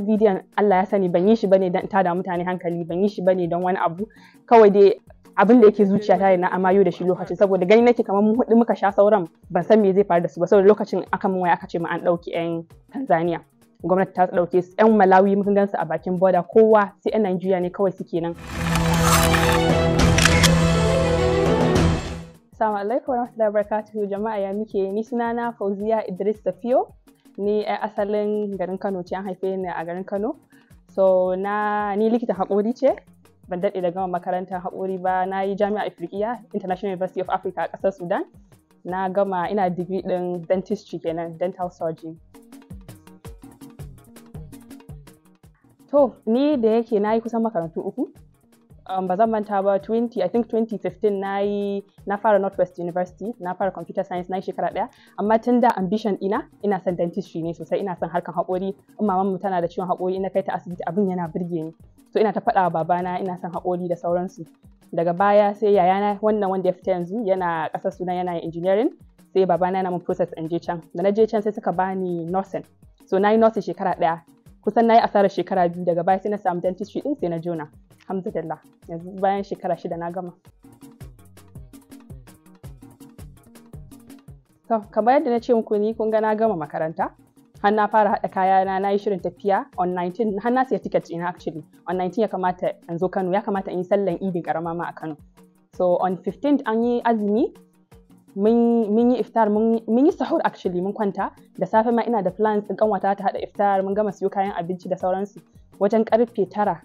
bidiyon Allah ya sani ban yi shi bane don tada mutane hankali ban yi shi bane don wani abu kawai dai abin da yake zuciya ta na amayo da shi lokacin saboda gani nake kamar mu hudu muka sha sauran ban san me zai faru da su ba saboda lokacin aka mun waya aka ce mu an dauki yan Tanzania gwamnati ta dauke su yan Malawi mun gansu a bakin boda kowa sai yan Najeriya ne kawai suke nan Assalamu alaikum warahmatullahi wabarakatuh jama'a ya muke ni sunana Fauziya Idris Safiyo ni ai asalin garin kano ce an haife ni a garin kano so na ni likitan haƙori ce ban daɗe da gama makarantar haƙori ba na yi jami'a afirkiya international university of africa a ƙasar sudan na gama ina digiri ɗin dentistry kenan dental surgery to ni da yake na yi kusan makarantu uku um, ba zan manta ba 20 i think 2015 na yi na fara northwest university na fara computer science na yi shekara daya amma tun da ambition ina ina son dentistry ne sosai ina son harkan haƙori in maman mu tana da ciwon haƙori ina kai ta asibiti abin yana birge ni so ina ta faɗa wa babana ina son haƙori da sauransu daga baya sai yayana wannan wanda ya fita yanzu yana ƙasar suna yana yin engineering sai babana yana mun process in je can da na je can sai suka bani nursing so na yi nursing shekara daya kusan na yi asarar shekara biyu daga baya sai na samu dentistry din sai na jona alhamdulillah yanzu bayan shekara shida na gama to kamar yadda na ce muku ni kun ga na gama makaranta har na fara haɗa kaya na na yi shirin tafiya on 19 har na siya ticket ina actually on 19 ya kamata in zo Kano ya kamata in yi sallan idin karama ma a Kano so on 15 an yi azumi mun yi iftar mun yi sahur actually mun kwanta da safe ma ina da plans din kanwata ta hada iftar mun gama siyo kayan abinci da sauransu wajen karfe tara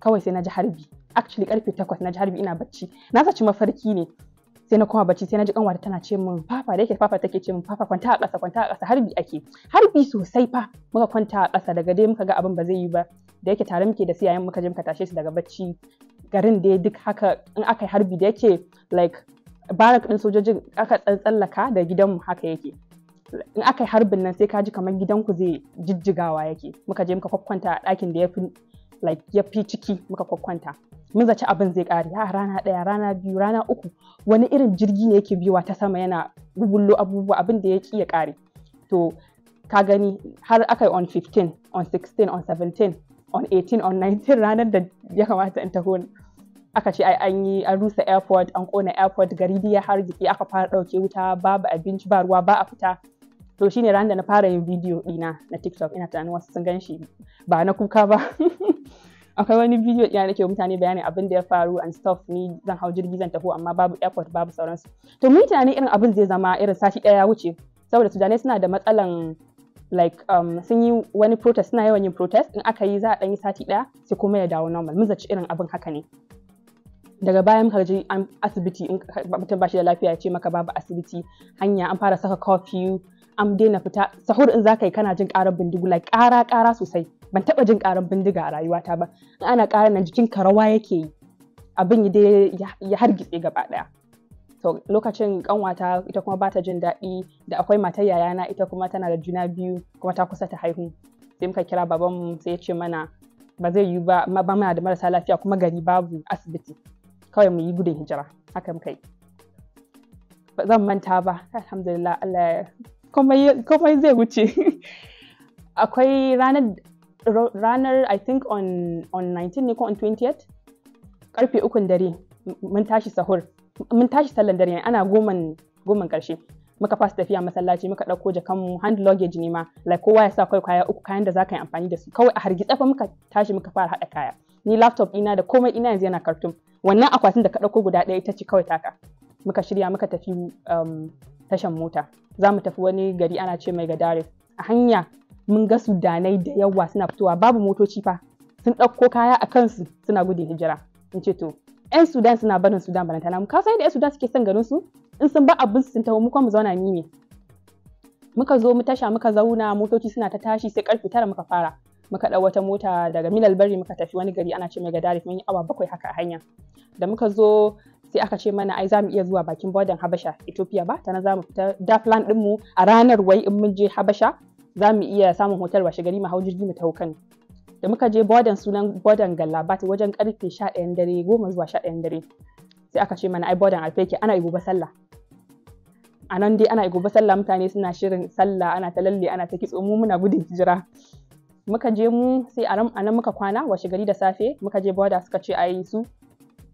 kawai sai na ji harbi actually karfe takwas na ji harbi ina bacci na saci mafarki ne sai na koma bacci sai na ji kanwata tana ce min fafa da yake fafa take ce min fafa kwanta a ƙasa kwanta a ƙasa harbi ake harbi sosai fa muka kwanta a ƙasa daga dai muka ga abin ba zai yi ba da yake tare muke da yayin muka je muka tashe su daga bacci garin dai duk haka in aka yi harbi da yake like barak din sojojin aka tsallaka da gidanmu haka yake in aka yi harbin nan sai ka ji kamar gidanku zai jijjigawa yake muka je muka kwakwanta a ɗakin da ya fi like ya fi ciki muka kwakwanta mun zaci abin zai kare ha rana ɗaya rana biyu rana uku wani irin jirgi ne yake biyuwa ta sama yana bubullo abubuwa abin da ya ki ya kare to ka gani har aka yi on 15 on 16 on 17 on 18 on 19 ranar da ya kamata in taho aka ce ai an yi an rusa airport an kona airport gari biya har jiki aka fara ɗauke wuta babu abinci ba ruwa ba a fita to shine ran da na fara yin bidiyo dina na tiktok ina tunanin wasu sun ganshi ba na kuka ba akwai wani bidiyo ɗina nake mutane bayani abin da ya faru and stuff ni zan hau jirgi zan tafi amma babu airport babu sauransu to mun tunanin irin abin zai zama irin sati ɗaya ya wuce saboda sudanai suna da matsalan like um, sun yi wani protest suna yawan yin protest in aka yi za a ɗan yi sati ɗaya sai kuma ya dawo normal mun zaci irin abin haka ne daga baya muka je asibiti in mutum ba shi da lafiya ya ce maka babu asibiti hanya an fara saka curfew an daina fita sahur in zaka yi kana jin karar bindigu kara kara sosai ban taba jin karar bindiga a rayuwata ba in ana kara na jikin ka yake yi abin ya dai ya hargitse gaba daya to lokacin kanwata ita kuma bata jin daɗi da akwai matar yayana ita kuma tana da juna biyu kuma ta kusa ta haihu sai muka kira babanmu sai ya ce mana ba zai yi ba ba muna da marasa lafiya kuma gari babu asibiti kawai mu yi gudun hijira haka muka yi ba zan manta ba alhamdulillah Allah komai zai wuce akwai ranar i think on on 19 ne ko on 20th karfe ukun dare mun tashi sahur mun tashi sallan dare ana goman goman karshe muka fasa tafiya masallaci muka ɗauko jakanmu hand luggage ne ma like kowa ya sa kai kaya uku kayan da za ka yi amfani da su kawai a hargitsa fa muka tashi muka fara haɗa kaya ni laptop ina da komai ina yanzu yana kartum wannan akwatin da ka ɗauko guda ɗaya ita ce kawai taka muka shirya muka tafi um, tashan mota za mu tafi wani gari ana ce mai gadare a hanya mun ga sudanai da yawa suna fitowa babu motoci fa sun ɗauko kaya a kansu suna gudun hijira in ce to 'yan sudan suna barin sudan balanta mu ka san da 'yan sudan suke son garin su in sun ba abin sun taho mu zauna ni ne muka zo mu tasha muka zauna motoci suna ta tashi sai karfe tara muka fara muka ɗau wata mota daga milal bari muka tafi wani gari ana ce mai gadari mun yi awa bakwai haka a hanya da muka zo sai aka ce mana ai za mu iya zuwa bakin bodin habasha ethiopia ba ta na za mu fita da plan mu a ranar wai in mun je habasha za mu iya samun hotel washe gari mu hau jirgi mu taho kano da muka je bodin sunan bodin gallabat wajen karfe 11 dare goma zuwa 11 dare sai aka ce mana ai bodin alfeke ana gobe sallah a nan dai ana gobe sallah mutane suna shirin sallah ana ta lalle ana ta kitso mu muna gudun hijira muka je mu sai a nan muka kwana washe gari da safe muka je boda suka ce ai su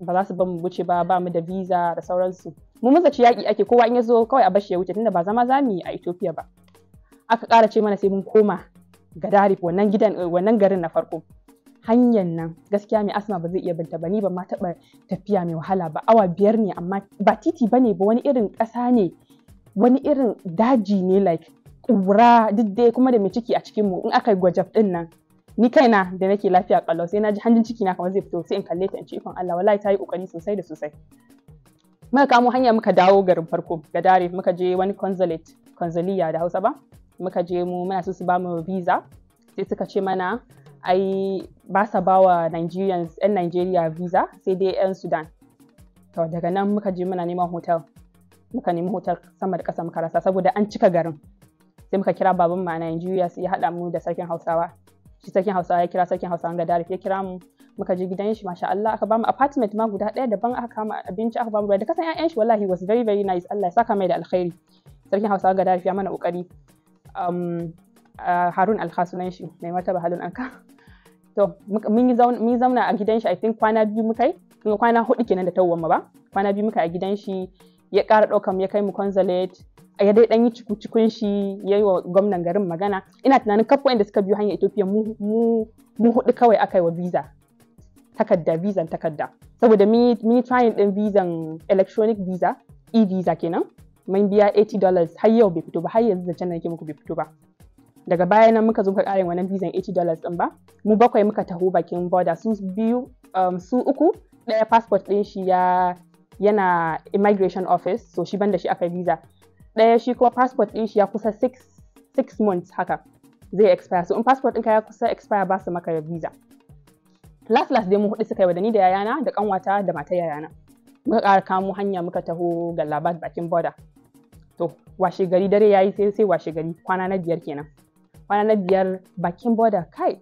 ba za su ban mu wuce ba ba mu da visa da sauransu mu ci yaƙi ake kowa in ya zo kawai a bashi ya wuce tunda ba zama za mu yi a Ethiopia ba aka ƙara ce mana sai mun koma ga Gadarif wannan gidan eh, wannan garin na farko hanyar nan gaskiya mai asma ba zai iya binta ba ni ba ma taɓa tafiya mai wahala ba awa biyar ne amma ba titi ba ne ba wani irin ƙasa ne wani irin daji ne like ƙura duk dai kuma da mai ciki a cikin mu in aka gwajaf ɗin nan ni kaina da nake lafiya kallo sai na ji hanjin ciki na kamar zai fito sai in kalle ta in ce ikon Allah wallahi ta yi kokari sosai da sosai muka kamo hanya muka dawo garin farko ga dare muka je wani consulate consuliya da Hausa ba muka je mu muna so su ba mu visa sai suka ce mana ai ba sa ba wa Nigerians 'yan Nigeria visa sai dai 'yan Sudan to daga nan muka je muna neman hotel muka nemi hotel sama da ƙasa muka rasa saboda an cika garin sai muka kira baban ma a Nigeria su ya haɗa mu da sarkin Hausawa shi sarkin hausa ya kira sarkin hausa ga darif ya kira mu muka je gidan shi masha Allah aka bamu apartment ma guda ɗaya daban aka kama abinci aka bamu da kasan ƴaƴan shi wallahi was very very nice Allah ya saka mai da alkhairi sarkin hausa ga darif ya mana kokari um, Harun Alkhasunan shi mai martaba harun anka to mun yi zauna a gidan shi I think kwana biyu muka yi kwana hudu kenan da tawwamma ba kwana biyu muka a gidan shi ya ƙara mu ya kai mu consulate ya dai dan yi ciku shi ya yi wa gwamnan garin magana ina tunanin kafa wanda suka biyo hanyar ethiopia mu mu hudu kawai aka yi wa visa takarda visa takarda saboda mini trying din visa electronic visa e-visa kenan mun biya 80 dollars har yau bai fito ba har yanzu zancen da nake muku bai fito ba daga baya nan muka zo muka karin wannan visa 80 dollars din ba mu bakwai muka taho bakin border su biyu um, su uku ɗaya passport din shi ya yana immigration office so shi banda shi aka visa ɗaya shi kuma passport ɗin shi ya kusa 6 months haka zai expire so in passport ɗinka ya kusa expire ba su maka visa last last dai mu hudu suka yi da ni da yayana da kanwata da matar yayana muka ƙara kamo hanya muka taho ga labar bakin Boda. to washe gari dare yayi sai sai washe gari kwana na biyar kenan kwana na biyar bakin boda kai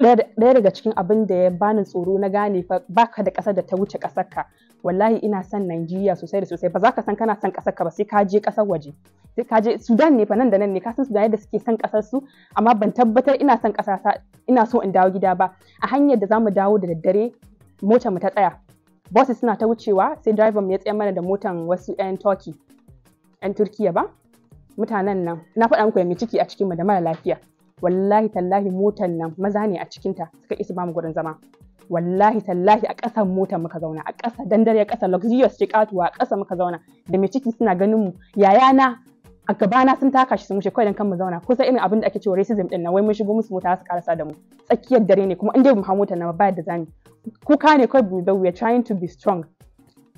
ɗaya daga cikin abin da ya bani tsoro na gane fa baka da ƙasar da ta wuce ƙasar ka wallahi ina son Najeriya sosai da sosai ba za ka san kana son ƙasar ka ba sai ka je ƙasar waje sai ka je Sudan ne fa nan da nan ne ka san Sudan yadda suke son ƙasar su amma ban tabbatar ina son ƙasa ta ina so in dawo gida ba a hanyar da zamu dawo da daddare motar mu ta tsaya bosses suna ta wucewa sai driver mu ya tsaya mana da motan wasu 'yan Turkey 'yan Turkiya ba mutanen nan na faɗa muku ya mai ciki a cikin mu da mara lafiya wallahi tallahi motan nan maza ne a cikinta suka isa ba mu gurin zama wallahi tallahi a ƙasan mota muka zauna a ƙasa dandare ƙasa luxurious ce katuwa a ƙasa muka zauna da mai ciki suna ganin mu yayana a gabana sun taka shi sun wuce kawai dan kan mu zauna kusa irin abin da ake cewa racism din nan wai mun shigo musu mota su karasa da mu tsakiyar dare ne kuma in mu hawo na na ba da zani kuka ne kawai bu we are trying to be strong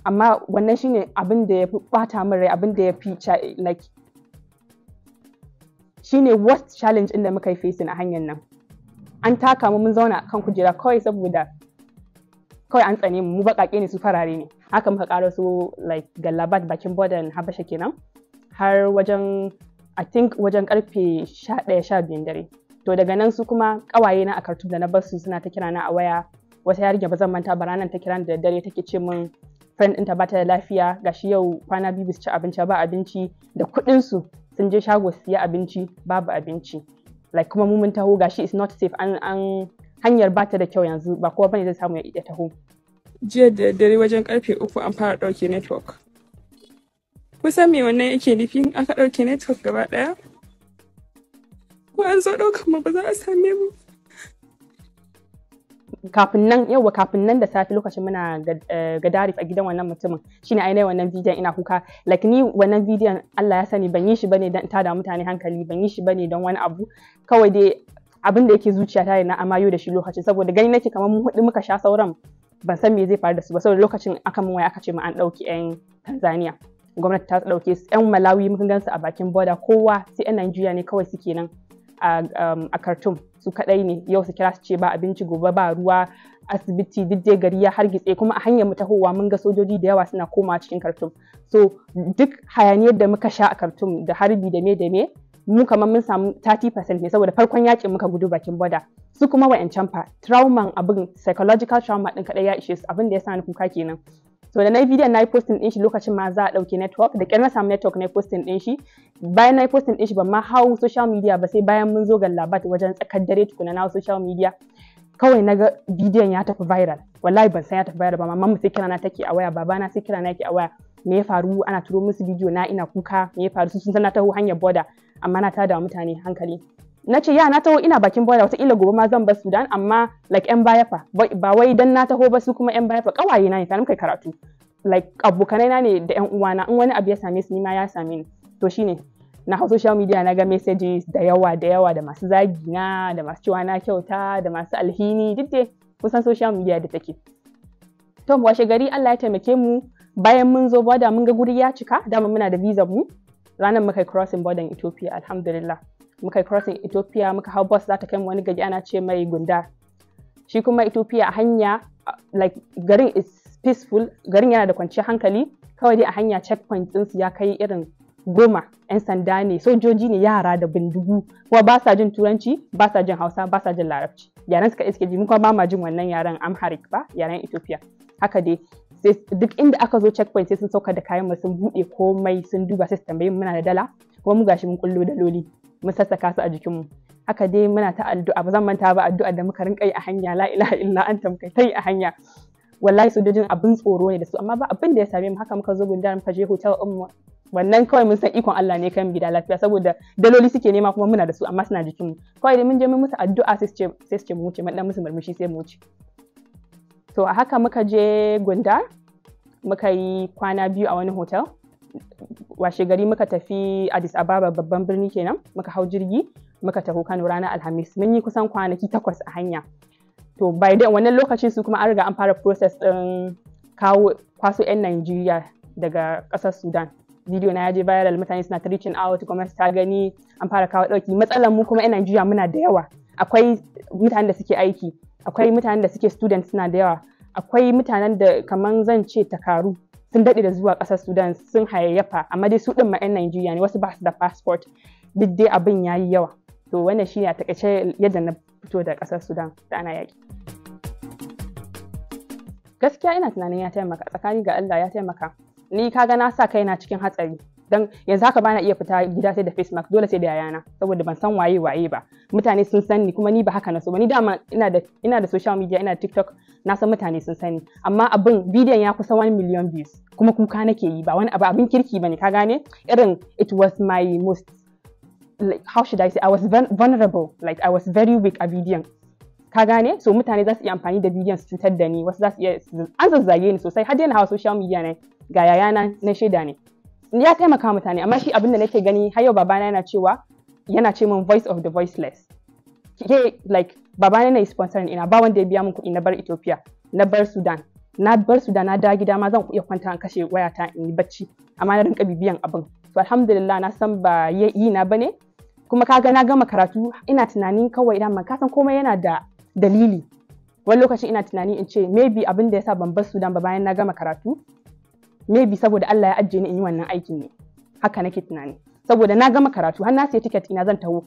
amma wannan shine abin da ya fi bata min rai abin da ya fi like shine worst challenge din da muka yi facing a hanyar nan an taka mu mun zauna kan kujera kawai saboda kawai an tsane mu mu baƙaƙe ne su farare ne haka muka ƙara su like gallabat bakin bodan habasha kenan har wajen i think wajen karfe 11-12 dare to daga nan su kuma ƙawaye na a kartu da na basu suna ta kira na a waya wata yarinya ba zan manta ba ranar ta kira da daddare take ce min friend ɗinta ba ta da lafiya gashi yau kwana biyu su ci abinci ba abinci da kuɗinsu sun je shago su siya abinci babu abinci like kuma mun taho gashi is not safe an an hanyar bata da kyau yanzu ba kowa bane zai samu ya taho jiya da dare wajen karfe uku an fara ɗauke network kusan me wannan yake nufi aka ɗauke network gaba daya ko an zo dauka ma ba za a same mu kafin nan yauwa kafin nan da safe lokacin muna gadarif eh, a gidan wannan mutumin shine ainihin wannan bidiyon ina kuka like ni wannan bidiyon Allah ya sani ban yi shi bane don tada mutane hankali ban yi shi bane don wani abu kawai dai abin da yake zuciyata ne na amayo da shi lokacin saboda gani nake kamar mun hudu muka sha sauran ban san me zai faru da su ba saboda lokacin aka mun waya aka ce mu an dauki yan Tanzania gwamnati ta dauke su yan Malawi mun gansu a bakin border kowa sai yan Najeriya ne kawai suke nan a um, Khartoum su kaɗai ne yau su kira su ce ba abinci gobe ba ruwa asibiti duk dai gari ya hargitse kuma a hanyar mu tahowa mun ga sojoji da yawa suna komawa cikin kartum so duk hayaniyar da muka sha a kartum da harbi da me da me mu kamar mun samu 30% ne saboda farkon yakin muka gudu bakin boda su kuma wa'ancan fa trauman abin psychological trauma din kadai ya ishe su abin da ya sa ni kuka kenan so da na yi bidiyon na yi postin din shi lokacin ma za a ɗauke network da kyanar na samu network na yi postin din shi bayan na yi postin din shi ban ma hau social media ba sai bayan mun zo ga labat wajen tsakar dare tukuna na social media kawai na ga bidiyon ya tafi viral wallahi ban san ya tafi viral ba mamman sai kira na take a waya na sai kira na yake a waya me ya faru ana turo musu bidiyo na ina kuka me ya faru sun san na taho hanyar boda amma na tada mutane hankali na ce ya na taho ina bakin boda wataƙila gobe ma zan bar Sudan amma like yan baya fa ba wai dan na taho ba su kuma yan baya fa kawaye na ne ta muka karatu like abokanai na ne da yan uwana in wani abu ya same su ni ma ya same ni to shine na hau social media na ga messages da yawa da yawa da masu zagi na da masu cewa na kyauta da masu alhini duk da kusan social media da take to washe gari Allah ya taimake mu bayan mun zo boda mun ga guri ya cika dama muna da visa mu ranar muka crossing border Ethiopia alhamdulillah muka yi crossing ethiopia muka hau bus za ta kai mu wani gari ana ce mai gunda. shi kuma ethiopia a hanya like garin is peaceful garin yana da kwanciyar hankali kawai dai a hanya checkpoint ɗinsu ya kai irin goma 'yan sanda ne sojoji ne yara da bindigu kuma ba sa jin turanci ba sa jin hausa ba sa jin larabci yaran suka iske jimin kuma ba ma jin wannan yaren amharic ba yaren ethiopia haka dai duk inda aka zo checkpoint sai sun sauka da kayan mu sun buɗe komai sun duba sai su tambaye muna da dala kuma mu gashi mun kullo da loli. mu sassaka su a jikinmu haka dai muna ta addu'a ba zan manta ba addu'a da muka rinka yi a hanya la ilaha illa anta muka ta yi a hanya wallahi sojojin abin tsoro ne da su amma ba abin da ya same mu haka muka zo gundar muka je hotel ummu wannan kawai mun san ikon Allah ne kan gida lafiya saboda daloli suke nema kuma muna da su amma suna jikin mu kawai da mun je mun musu addu'a sai su ce mu wuce mun dan musu murmushi sai mu wuce to a haka muka je gunda muka yi kwana biyu a wani hotel washe gari muka tafi Addis Ababa babban birni kenan muka hau jirgi muka taho Kano ranar Alhamis mun yi kusan kwanaki takwas a hanya to by then wannan lokacin su kuma an riga an fara process din kawo kwaso 'yan Najeriya daga ƙasar Sudan video na je viral mutane suna reaching out comments ta gani an fara kawo ɗauki matsalar mu kuma 'yan Najeriya muna da yawa akwai mutanen da suke aiki akwai mutanen da suke students suna da yawa akwai mutanen da kaman zan ce takaru sun daɗe da zuwa ƙasar Sudan sun hayayyafa amma dai su ɗin ma 'yan Najeriya ne wasu ba su da passport duk dai abin ya yi yawa to wannan shi ne a takaice yadda na fito da ƙasar Sudan da ana yaƙi. Gaskiya ina tunanin ya taimaka tsakani ga Allah ya taimaka ni kaga na sa kai na cikin hatsari dan yanzu haka bana iya fita gida sai da face dole sai da yayana saboda ban san waye waye ba mutane sun san ni kuma ni ba haka na so ba ni dama ina da ina da social media ina TikTok na san mutane sun sani amma abin bidiyon ya kusa 1 million views kuma kuka nake yi ba wani abu abin kirki bane ka gane irin it was my most like how should I say I was vulnerable like I was very weak a bidiyon ka gane so mutane za su iya amfani da bidiyon su cutar da ni wasu za su iya an zazzage ni sosai har daina hawa social media ne ga yayana na shaida ne ya taimaka mutane amma shi abin da nake gani har yau babana yana cewa yana ce min voice of the voiceless ke like baba na yi ina ba wanda ya biya min kuɗi na bar Ethiopia na bar Sudan na bar Sudan na da gida ma zan iya kwanta an kashe ta in yi bacci amma na rinka bibiyan abin to alhamdulillah na san ba yi na bane kuma kaga na gama karatu ina tunanin kawai dama ka san komai yana da dalili wani lokaci ina tunani in ce maybe abin da yasa ban bar Sudan ba bayan na gama karatu maybe saboda Allah ya ajiye ni in yi wannan aikin ne haka nake tunani saboda na gama karatu har na siya tiket ina zan taho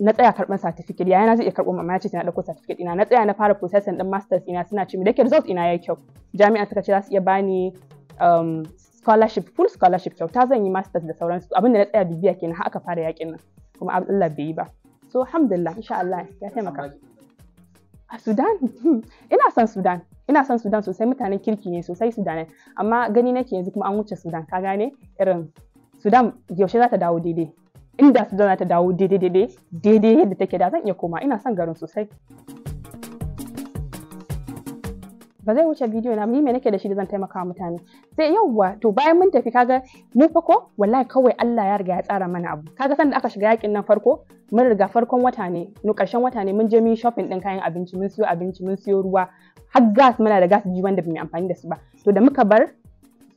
na tsaya karban certificate Yaya na zai iya karɓo mamaya ce tana ɗauko certificate ina na tsaya na fara processing ɗin masters ina suna ce mi dake result ina ya kyau jami'a suka ce za su iya bani um, scholarship full scholarship kyauta zan yi masters da sauransu abinda na tsaya bibiya kenan har aka fara yakin nan kuma Allah bai yi ba so alhamdulillah insha Allah ya taimaka a Sudan hmm. ina son Sudan ina son Sudan sosai mutanen kirki ne sosai sudan. amma gani nake yanzu kuma an wuce Sudan ka gane irin Sudan yaushe za ta dawo daidai inda su zana ta dawo daidai daidai daidai yadda take da zan iya koma ina son garin sosai ba zai wuce bidiyo na ni me nake da shi da zan taimaka wa mutane sai yauwa to bayan mun tafi kaga mu fa ko wallahi kawai Allah ya riga ya tsara mana abu kaga da aka shiga yakin nan farko mun riga farkon wata ne no karshen wata ne mun je mun shopping din kayan abinci mun siyo abinci mun siyo ruwa har gas muna da gas ji wanda bamu amfani da su ba to da muka bar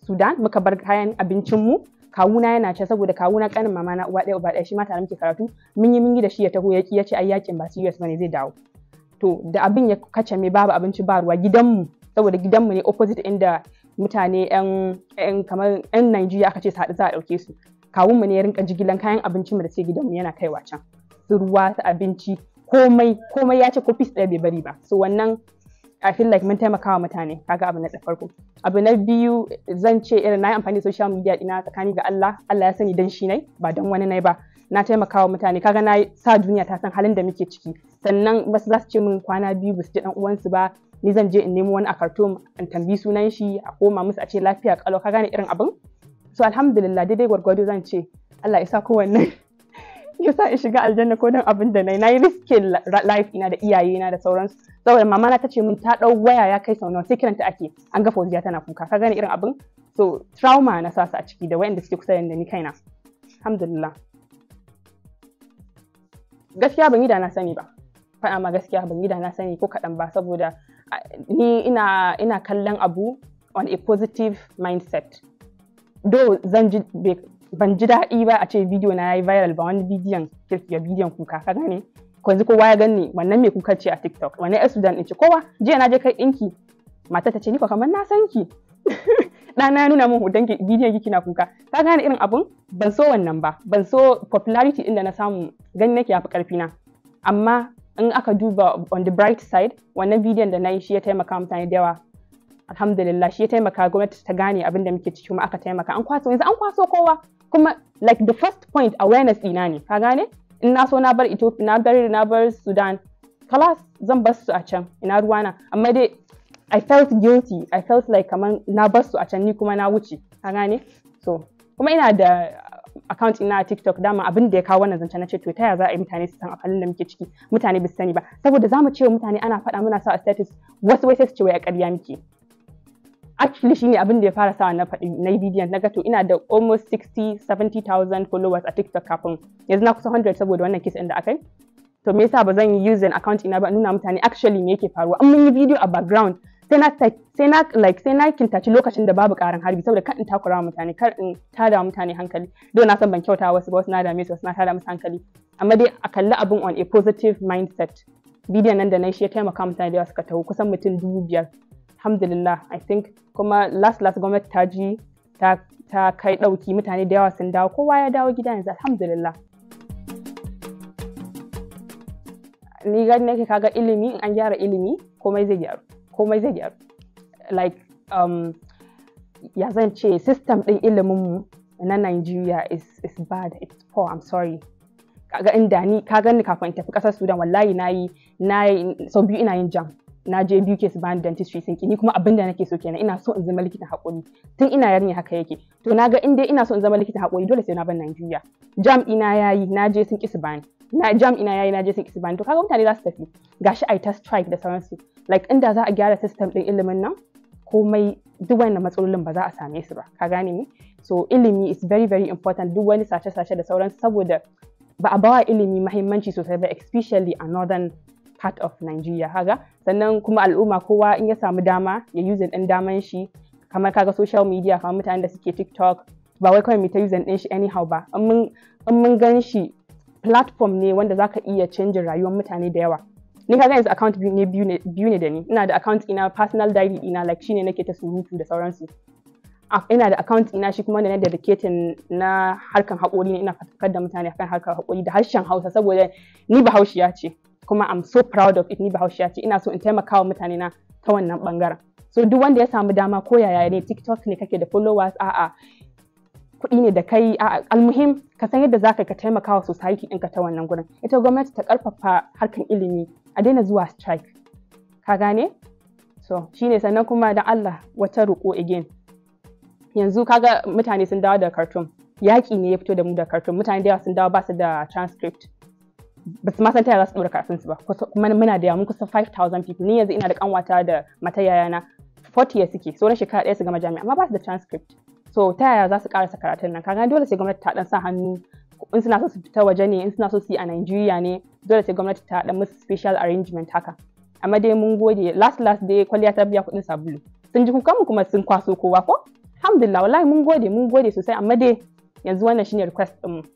Sudan muka bar kayan abincin mu kawuna yana can saboda kawuna kanin mama na uwa ɗaya uba ɗaya shi ma tare muke karatu mun yi mun yi da shi ya taho ya ki ya ce ai yakin ba serious bane zai dawo to da abin ya kace me babu abinci ba ruwa gidan mu saboda gidan mu ne opposite inda mutane yan yan kamar yan Najeriya aka ce su haɗu za a ɗauke su kawunmu ne ya rinka jigilan kayan abinci mu da sai mu yana kaiwa can su ruwa su abinci komai komai ya ce ko fis ɗaya bai bari ba so wannan I feel like mun taimakawa mutane kaga abu na da farko abu na biyu zan ce irin na yi amfani social media ina tsakani ga Allah Allah ya sani dan shi nai ba dan wani nai ba na taimakawa mutane kaga na sa duniya ta san halin da muke ciki sannan wasu za su ce min kwana biyu ba su ji dan uwansu ba ni zan je in nemo wani a Khartoum in tambi sunan shi a koma musu a ce lafiya kalau kaga gane irin abin so alhamdulillah daidai gwargwado zan ce Allah ya sa kowanne sa in shiga aljanna ko don abin da na yi riske life ina da iyaye na da sauransu saboda mama na ta ce min ta ɗau waya ya kai sau nawa sai kiranta ake an ga fauziya tana kuka ka gane irin abin so trauma na sa su a ciki da wayanda suke kusa da ni kaina alhamdulillah gaskiya ban yi da na sani ba faɗa ma gaskiya ban yi da na sani ko kaɗan ba saboda ni ina ina kallon abu on a positive mindset do zan ji ban ji daɗi ba a ce bidiyo na yayi viral ba wani bidiyon kirkiya bidiyon kuka ka gane ko yanzu kowa ya gani wannan mai kuka ce a TikTok wannan yan Sudan in ce kowa jiya na je kai ɗinki mata ta ce ni ko kamar na san ki ɗana ya nuna min hoton bidiyon ki na kuka ka gane irin abun ban so wannan ba ban so popularity ɗin da na samu gani nake yafi ƙarfi na amma in aka duba on the bright side wannan bidiyon da na yi shi ya taimaka mutane da yawa alhamdulillah shi ya taimaka gwamnati ta gane abin da muke ciki kuma aka taimaka an kwaso yanzu an kwaso kowa kuma like the first point awareness ina ne ka gane in na so na bar Ethiopia na bar na bar Sudan kalas zan bar su a can ina ruwana amma dai I felt guilty I felt like kaman na bar su a can ni kuma na wuce ka gane so kuma ina da account ina a TikTok dama abin da ya kawo wannan zance na ce to ta za a yi mutane su san a halin da muke ciki mutane ba sani ba saboda zamu ce mutane ana faɗa muna sa a status wasu wai sai su ce wai a ƙarya muke actually shine abin da ya fara sawa na faɗi na bidiyon na gato ina da almost 60 70,000 followers a TikTok kafin yanzu na kusa 100 saboda wannan kisa da aka yi to me yasa ba zan yi use an account ina ba nuna mutane actually me yake faruwa an mun yi bidiyo a background sai na sai na like sai na kintaci lokacin da babu karin harbi saboda kar in takura mutane kar in tada mutane hankali do na san ban kyauta wasu ba wasu na dame su wasu na tada musu hankali amma dai a kalli abin on a positive mindset bidiyon nan da na shi ya taimaka mutane da suka taho kusan mutum dubu biyar alhamdulillah i think kuma last last gwamnati ta ji ta kai ɗauki mutane da yawa sun dawo kowa ya dawo gida yanzu alhamdulillah ni gani nake kaga ilimi in an gyara ilimi komai zai gyaru komai zai gyaru like um, ya zan ce system ɗin ilimin mu na Nigeria is, is bad it's poor I'm sorry kaga inda ni kaga ni kafin tafi ƙasar Sudan wallahi nayi nayi sau biyu ina yin jam na je biyu ke su bani dentistry sun ki ni kuma abin da nake so kenan ina so in zama likitan hakori tun ina yarinya haka yake to na ga in dai ina so in zama likitan hakori dole sai na bar Najeriya jam ina yayi na je sun ki su bani na jam ina yayi na je sun ki su bani to kaga mutane za su tafi gashi ai ta strike da sauransu like inda za a gyara system din ilimin nan komai duk wannan matsalolin ba za a same su ba ka gane ni so ilimi is very very important duk wani sace-sace da sauransu saboda ba a bawa ilimi mahimmanci sosai ba especially a northern heart of Nigeria haga sannan kuma al'umma kowa in ya samu dama ya using ɗin daman shi kamar kaga social media kamar mutanen da suke TikTok ba wai kawai mu ta using ɗin shi anyhow ba in mun gan shi platform ne wanda za ka iya canjin rayuwar mutane da yawa ni kaga yanzu account ne biyu ne da ni ina da account ina personal diary ina like shine nake ta surutu da sauransu ina da account ina shi kuma da na dedicating na harkan haƙori ne ina fatakar da mutane akan harkar haƙori da harshen Hausa saboda ni bahaushiya ce kuma I'm so proud of it ni Bahaushiya ce ina so in taimaka wa mutane na ta wannan bangaren so duk wanda ya samu dama ko yaya ne TikTok ne kake da followers a'a kuɗi ne da kai a'a almuhim ka san yadda zaka ka taimaka wa society ɗinka ta wannan gurin ita gwamnati ta karfafa harkan ilimi a daina zuwa strike ka gane so shine sannan kuma da Allah wata roƙo again yanzu kaga mutane sun dawo da Khartoum yaƙi ne ya fito da mu da Khartoum mutane da yawa sun dawo ba su da transcript ba su ma san taya za su ɗaura karatun su ba kuma muna da yawa mun kusa 5000 people ni yanzu ina da kanwata da mata yayana 40 years suke na shekara ɗaya su gama jami'a amma ba su da transcript so ta yaya za su karasa karatun nan kaga dole sai gwamnati ta dan sa hannu in suna so su fita waje ne in suna so su yi a Najeriya ne dole sai gwamnati ta dan musu special arrangement haka amma dai mun gode last last dai kwalliya ta biya kuɗin sabulu sun ji mu kuma sun kwaso kowa ko alhamdulillah wallahi mun gode mun gode sosai amma dai yanzu wannan shine request ɗinmu